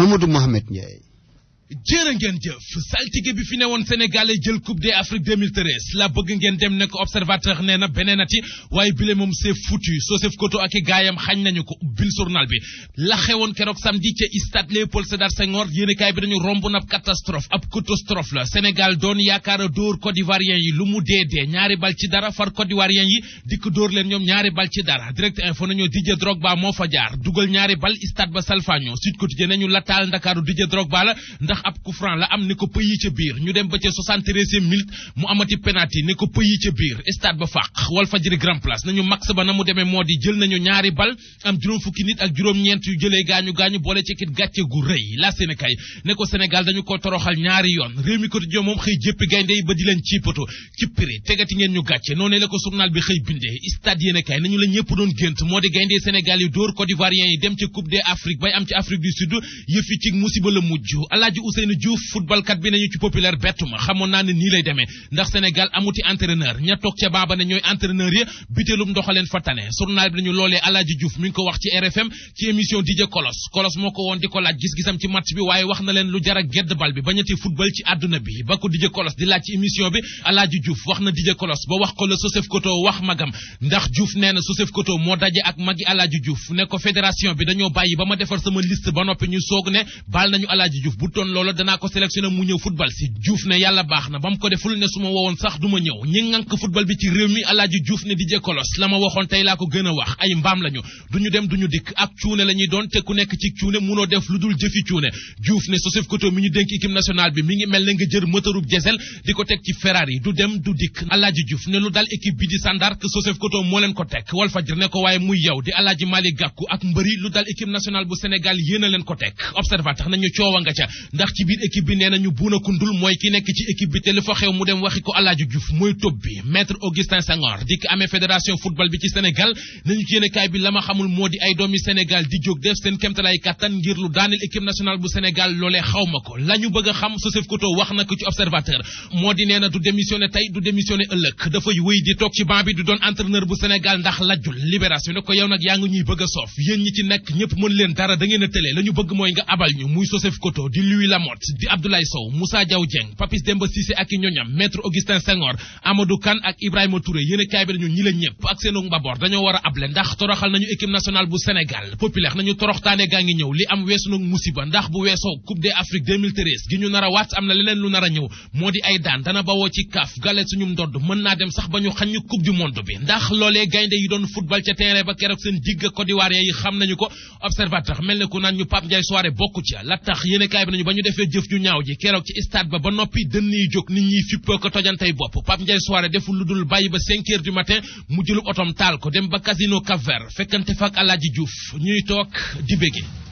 Mamadou Mouhamed Ndiaye jërë ngeen jëf saltige bi fi ne woon sénégalais jël coupe d'Afrique 2013 la bëgg ngeen dem nekk observateur nee na beneenati waaye bile moom c'est foutu Joseph Koto ak i gaayam xañ nañu ko ubbil journal bi la xewoon keroog samedi ca stade Léopold Sédar Senghor yéenekaay bi dañu romb nab catastrophe ab catastrophe la Sénégal doon yaakaar a dóor Côte d'Ivoirien yi lu mu dee dee ñaari bal ci dara far Côte d'Ivoirien yi dikk dóor leen ñoom ñaari bal ci dara direct info nañu Didier Drogba moo fa jaar dugal ñaari bal stade ba salfaño Sud Quotidien nañu la taal Ndakaaru Didier Drogba la ndax ndax ab coup la am ne ko pëyi ca biir ñu dem ba ca 73 mu amati penalty ne ko pëyi ca biir stade ba fàq wal fajiri grand place nañu max ba na mu demee moo di jël nañu ñaari bal am juróom fukki nit ak juróom-ñeent yu jëlee gaañu gaañu boole ci kit gàcce gu rëy la Sénégal ne ko Sénégal dañu ko toroxal ñaari yoon réew mi quotidien moom xëy jéppi gaynde ba di leen ciipato cippiri tegati ngeen ñu gàcce noonu ko journal bi xëy bindee stade yéene Ousseynou Diouf footballkat bi nañu ci populaire bettu xamoon naa ne nii lay demee ndax Sénégal amuti entraîneur ña ca baaba ne ñooy entraîneur ya biteelum ndoxaleen fa tane journal bi nañu loolee Alaaji Diouf mi ngi ko wax ci RFM ci émission DJ Kolos Kolos moo ko woon di ko laaj gis-gisam ci match bi waaye wax na leen lu jara gedd bal bi bañati football ci àdduna bi ba ko DJ Kolos di laaj ci émission bi Alaaji Diouf wax na DJ Kolos ba la Sosef bi dañoo ba ma defar sama liste loola danaa ko sélectionné mu ñëw football si Diouf ne yàlla baax na ba mu ko deful ne su ma wowoon sax du ma ñëw ñi ngànk football bi ci réew mi Alaaji Diouf ne Didier Kolos la ma waxoon tey laa ko gën a wax ay mbaam lañu duñu dem duñu dikk ak cuune la ñuy doon te ku nekk ci cuune munoo def lu dul jëfi cuune Diouf ne Joseph Koto mi ñu dénk équipe nationale bi mi ngi mel ne nga jër moteurub diesel di ko teg ci Ferrari du dem du dikk Alaaji Diouf ne lu dal équipe bi di Sandar que Joseph Koto moo leen ko teg Walf Fadjri ne ko waaye muy yow di Alaaji Malick Gakou ak mbëri lu dal équipe nationale bu Sénégal yéen a leen ko teg observateur nañu coowa nga ci biir équipe bi nee nañu Bouna Koundoul mooy ki nekk ci équipe bi te lu fa xew mu dem waxi ko Alaaji Diouf mooy tób bi maître Augustin Senghor dikk amee fédération football bi ci Sénégal nañu ci bi la ma xamul moo di ay doomi Sénégal di jóg def seen kemtalaay kàttan ngir lu daaneel équipe nationale bu Sénégal loolee xaw ma ko la ñu bëgg a xam Sosef Koto wax na ko ci observateur moo di nee du démissionné tey du démissionné ëllëg dafay wéy di toog ci banc bi ndax lajjul libération ne ko yow nag yaa ngi ñuy bëgg ñëpp mën leen a tëlee la ñu bëgg Lamotte di Abdoulaye Sow Moussa Diaw Dieng Papis Demba Cissé ak i ñoñam maître Augustin Senghor Amadou Kane ak Ibrahima Touré yéen a bi nañu ñi la ñëpp ak seenu mbaboor dañoo war a able ndax toroxal nañu équipe nationale bu Sénégal populaire nañu toroxtaane gaa ngi ñëw li am weesu musiba ndax bu weesoo Coupe d'Afrique 2013 gi ñu nar a am na leneen lu nar a ñëw moo di ay daan dana bawoo ci kaaf gale suñu ndodd mën naa dem sax ba ñu xañ ñu du monde bi ndax loolee a ñu defee jëf ju ñaaw ji keroog ci stade ba ba noppi dënn yi jóg nit ñiy fippoo ko tojantey bopp Pape Ndiaye soirée deful lu dul bàyyi ba 5 heures du matin mu jëlub otom taal ko dem ba casino Cap-Vert fekkante fa ak Alaaji Diouf ñuy toog di bége